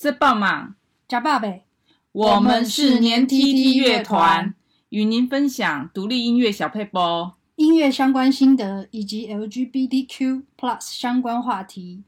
是驚蟄加 Dingo，我們是黏 tt 樂團，與您分享獨立音樂小撇步、音樂相關心得以及 L G B T Q Plus 相關話題。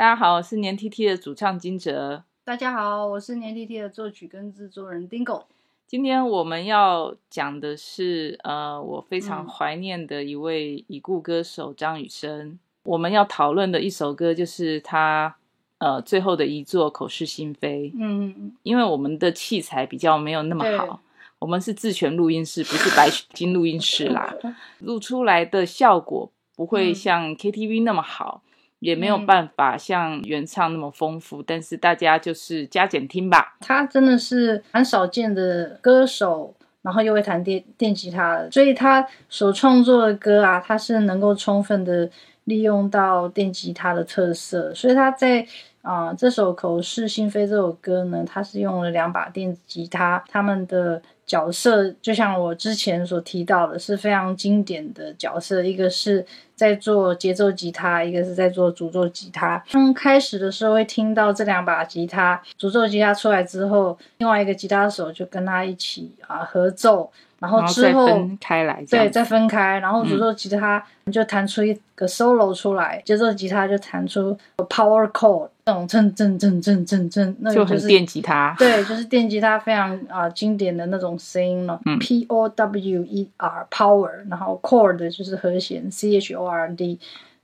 大家好，我是年 T T 的主唱金哲。大家好，我是年 T T 的作曲跟制作人丁 o 今天我們要講的是，呃，我非常懷念的一位已故歌手張雨生。嗯、我們要討論的一首歌就是他，呃，最後的一作《口是心非》。嗯嗯嗯。因為我們的器材比較沒有那麼好，我們是自選錄音室，不是白金錄音室啦， okay. 錄出來的效果不會像 K T V 那麼好。嗯也沒有辦法像原唱那麼豐富，嗯，但是大家就是加減聽吧。他真的是很少見的歌手，然後又會彈電電吉他，所以他所創作的歌啊，他是能夠充分的利用到電吉他的特色。所以他在啊、呃、這首《口是心非》這首歌呢，他是用了兩把電吉他，他們的角色就像我之前所提到的，是非常經典的角色，一個是。在做節奏吉他，一個是在做主奏吉他。剛開始的時候會聽到這兩把吉他，主奏吉他出來之後，另外一個吉他手就跟他一起啊合奏，然後之後，後分開來，對，再分開，然後主奏吉他就彈出一個 solo 出來，嗯，節奏吉他就彈出 power chord 這種那種震震震震震震，就很電吉他，對，就是電吉他非常啊經典的那種聲音了。嗯，P O W E R power，然後 chord 就是和弦，C H O。R&D，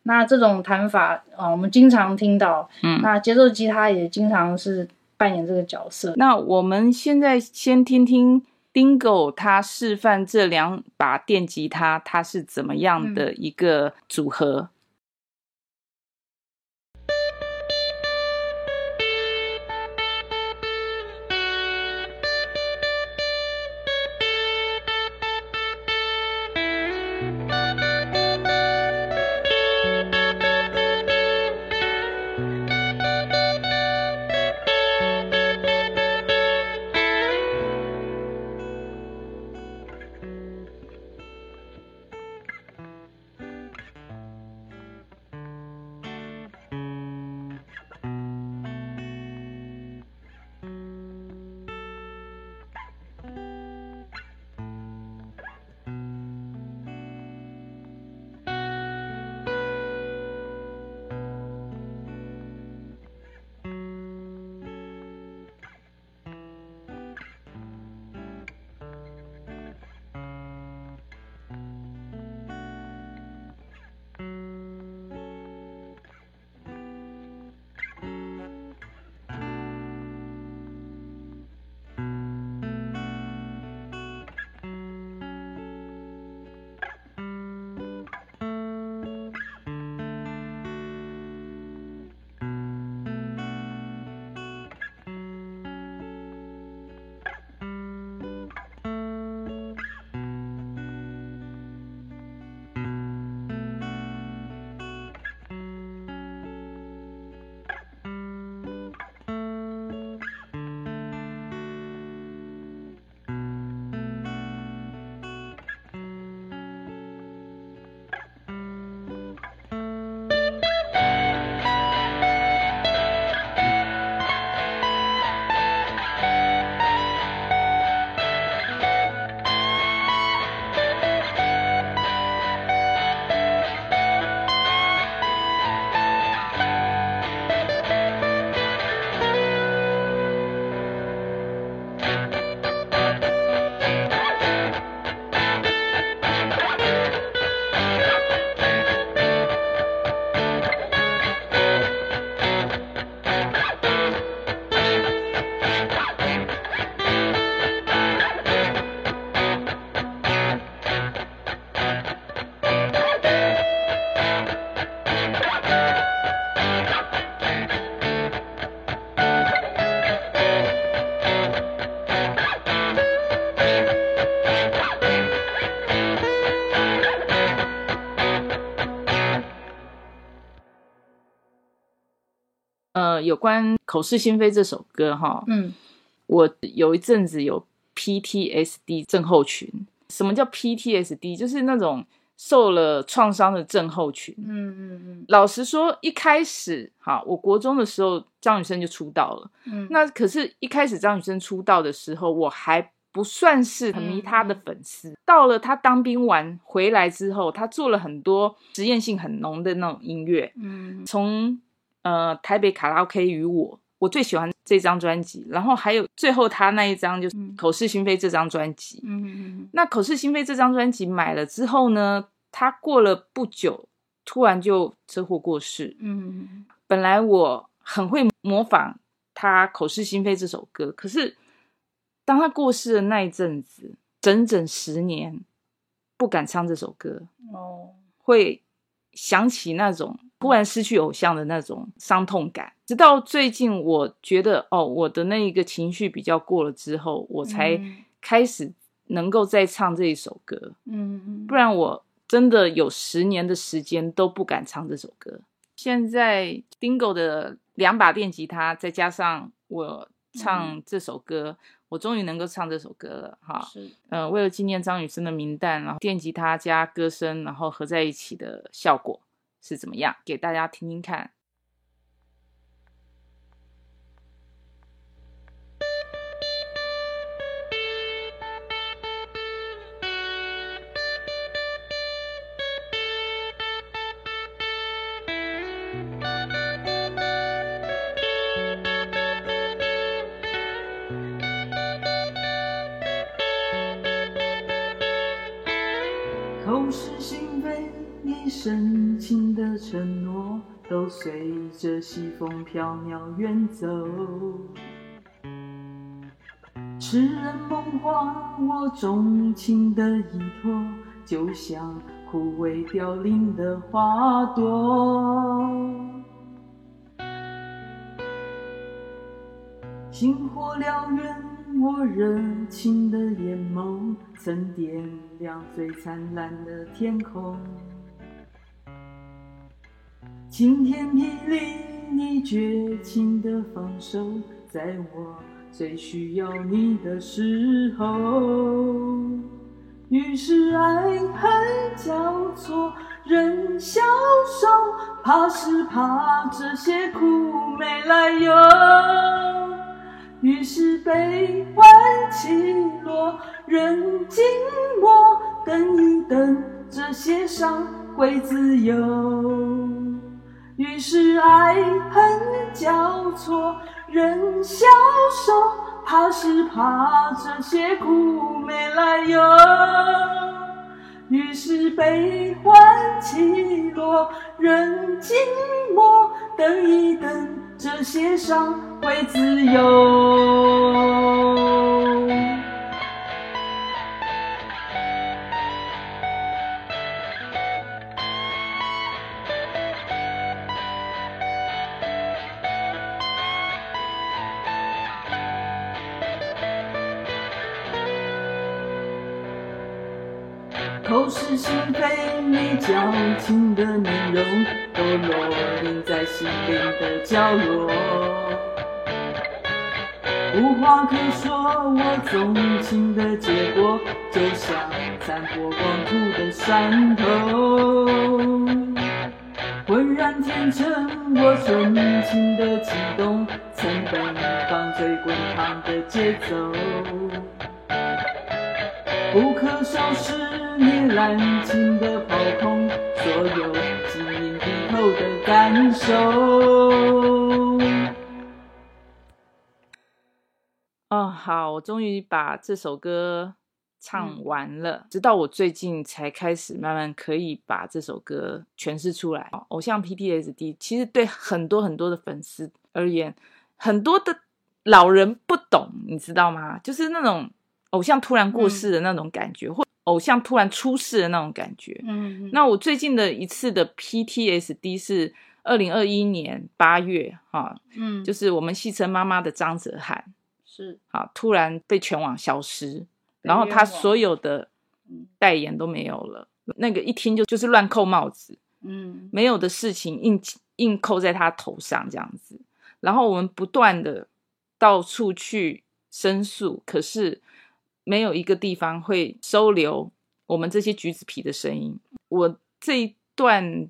那這種彈法啊、哦，我們經常聽到。嗯，那節奏吉他也經常是扮演這個角色。那我們現在先聽聽 Dingo 他示範這兩把電吉他，他，它是怎麼樣的一個組合？嗯呃，有關口是心非這首歌哈，嗯，我有一陣子有 PTSD 症候群。什麼叫 PTSD？就是那種受了創傷的症候群。嗯嗯嗯。老實說，一開始哈，我國中的時候張雨生就出道了。嗯。那可是一開始張雨生出道的時候，我還不算是很迷他的粉絲。嗯。到了他當兵完回來之後，他做了很多實驗性很濃的那種音樂。嗯。從呃，台北卡拉 OK 與我，我最喜歡這張專輯。然後還有最後他那一張就是《口是心非》這張專輯。嗯，嗯，嗯，嗯。那《口是心非》這張專輯買了之後呢，他過了不久，突然就車禍過世。嗯嗯。嗯。本來我很會模仿他《口是心非》這首歌，可是當他過世的那一陣子，整整十年，不敢唱這首歌。哦。會想起那種。忽然失去偶像的那種傷痛感，直到最近，我覺得哦，我的那一個情緒比較過了之後，我才開始能夠再唱這一首歌。嗯嗯，不然我真的有十年的時間都不敢唱這首歌。現在 Dingo 的兩把電吉他，再加上我唱這首歌，我終於能夠唱這首歌了哈。是，嗯，為了紀念張雨生的名旦，然後電吉他加歌聲，然後合在一起的效果。是怎麼樣？給大家聽聽看。口是心非，身。隨着西風飄渺遠走，痴人夢話，我鍾情的依托，就像枯萎凋零的花朵。星火燎原，我熱情的眼眸曾點亮最燦爛的天空。晴天霹靂，你絕情的放手，在我最需要你的時候。於是愛恨交錯，人消瘦，怕是怕這些苦沒來由。於是悲歡起落，人靜默，等一等，這些傷會自由。於是愛恨交錯，人消瘦，怕是怕這些苦沒來由。於是悲歡起落，人寂寞，等一等，這些傷會自由。情的面容都烙印在心靈的角落，無話可說。我縱情的結果，就像殘破光禿的山頭，渾然天成。我純情的悸動，曾奔放最滾燙的節奏，不可收拾。你冷靜的拋空所有經歷後的感受。哦，好，我終於把這首歌唱完了，嗯。直到我最近才開始慢慢可以把這首歌詮釋出來。哦、偶像 PTSD，其實對很多很多的粉絲而言，很多的老人不懂，你知道嗎？就是那種偶像突然過世的那種感覺，嗯、或。偶像突然出事的那種感覺。嗯，那我最近的一次的 PTSD 是二零二一年八月，哈、啊，嗯，就是我們戲稱媽媽的張哲瀚，是，啊，突然被全網消失，然後他所有的代言都沒有了，嗯、那個一聽就就是亂扣帽子，嗯，沒有的事情硬硬扣在他頭上這樣子，然後我們不斷的到處去申訴，可是。沒有一個地方會收留我們這些橘子皮的聲音。我這一段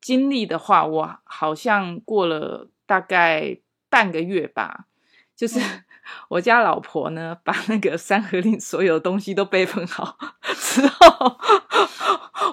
經歷的話，我好像過了大概半個月吧。就是我家老婆呢，把那個山河令所有東西都備份好之後，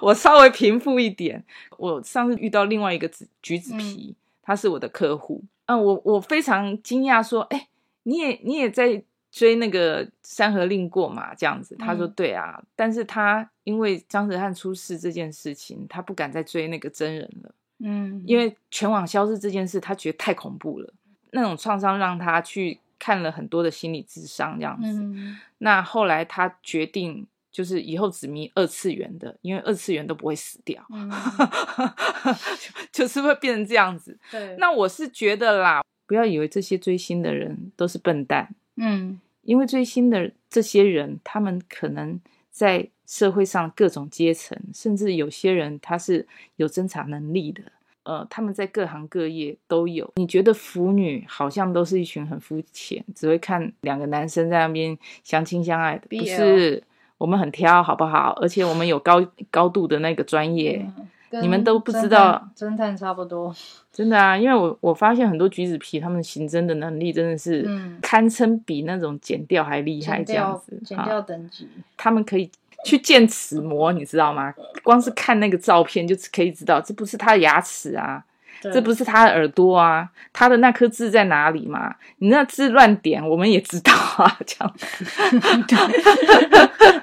我稍微平復一點。我上次遇到另外一個橘子皮，他、嗯、是我的客戶。嗯、呃，我我非常驚訝，說：“哎，你也你也在。”追那個《山河令》過嘛，這樣子、嗯，他說對啊，但是他因為張哲瀚出事這件事情，他不敢再追那個真人了，嗯，因為全網消失這件事，他覺得太恐怖了，那種創傷讓他去看了很多的心理諮商這樣子、嗯，那後來他決定就是以後只迷二次元的，因為二次元都不會死掉，嗯、 就是會變成這樣子對。那我是覺得啦，不要以為這些追星的人都是笨蛋。嗯，因為最新的這些人，他們可能在社會上各種階層，甚至有些人他是有偵查能力的。呃，他們在各行各業都有。你覺得腐女好像都是一群很膚淺，只會看兩個男生在那邊相親相愛的？不是，我們很挑，好不好？而且我們有高高度的那個專業。嗯你們都不知道偵，偵探差不多，真的啊，因為我我發現很多橘子皮，他們刑偵的能力真的是，堪稱比那種檢調還厲害這、嗯，這樣子，檢調等級，他們可以去見齒模，你知道嗎？光是看那個照片就可以知道，這不是他的牙齒啊。這不是他的耳朵啊，他的那顆痣在哪裡嘛？你那痣亂點，我們也知道啊，這樣子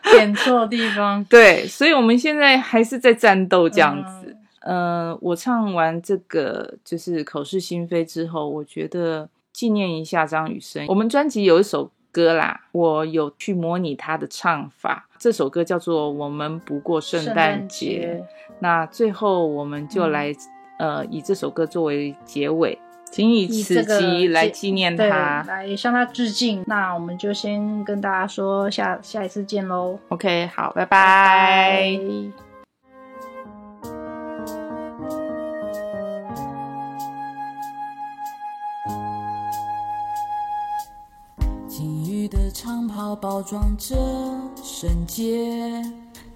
點錯地方。對，所以我們現在還是在戰鬥這樣子。嗯，呃、我唱完這個就是口是心非之後，我覺得紀念一下張雨生，我們專輯有一首歌啦，我有去模擬他的唱法。這首歌叫做《我們不過聖誕節》，節那最後我們就來、嗯。呃，以這首歌作為結尾，謹以此集來紀念他、這個，來向他致敬。那我們就先跟大家說下下一次見嘍。OK，好，拜拜，拜拜。金魚的長袍包裝着瞬間，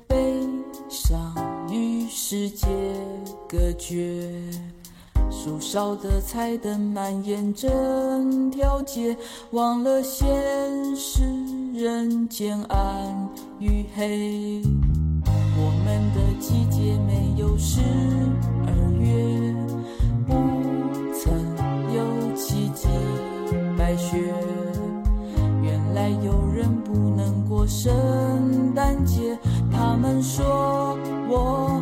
悲傷於世界。隔絕，樹梢的彩燈蔓延整條街，忘了現實人間暗與黑。我們的季節沒有十二月，不曾有奇蹟白雪。原來有人不能過聖誕節，他們說我。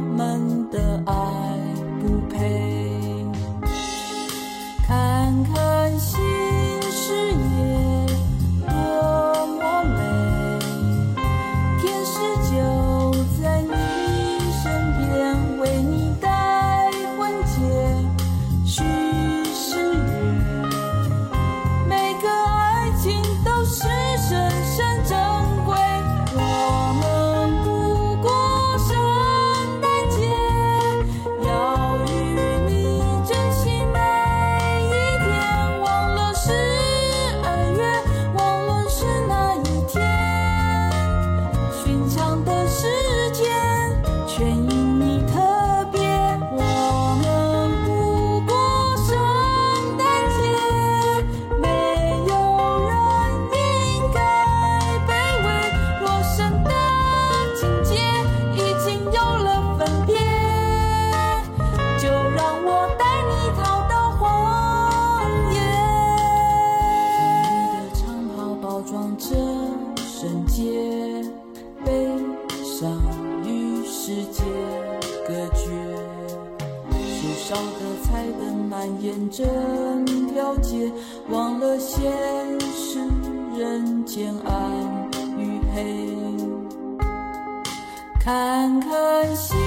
這瞬間，悲傷與世界隔絕，樹梢的彩燈蔓延整條街，忘了現實人間暗與黑，看看。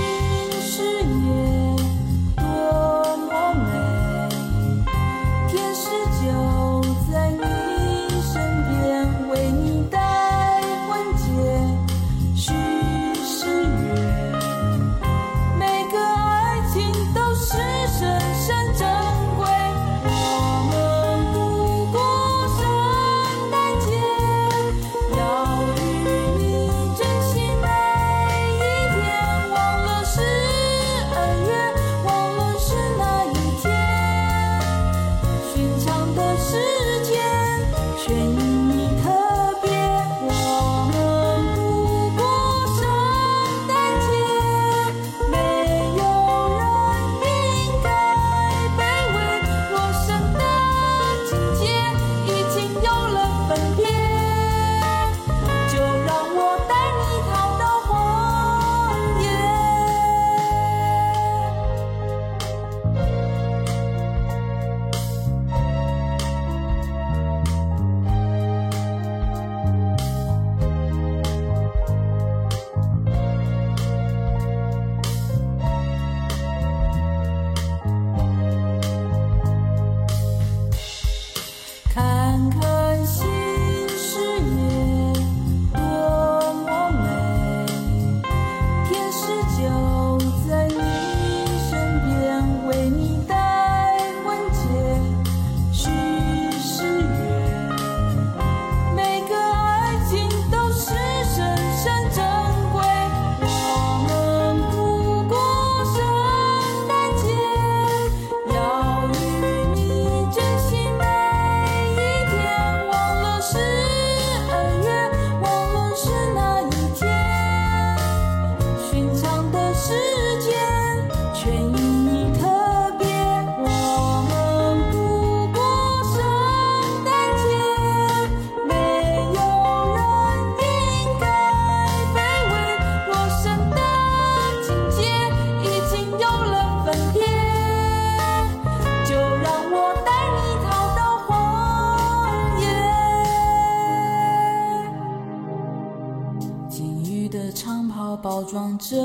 長袍包裝着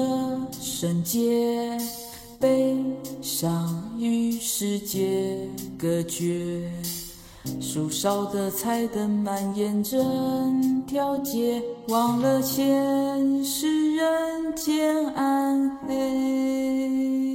聖潔，悲傷與世界隔絕。樹梢的彩燈蔓延整條街，忘了前世人間暗黑。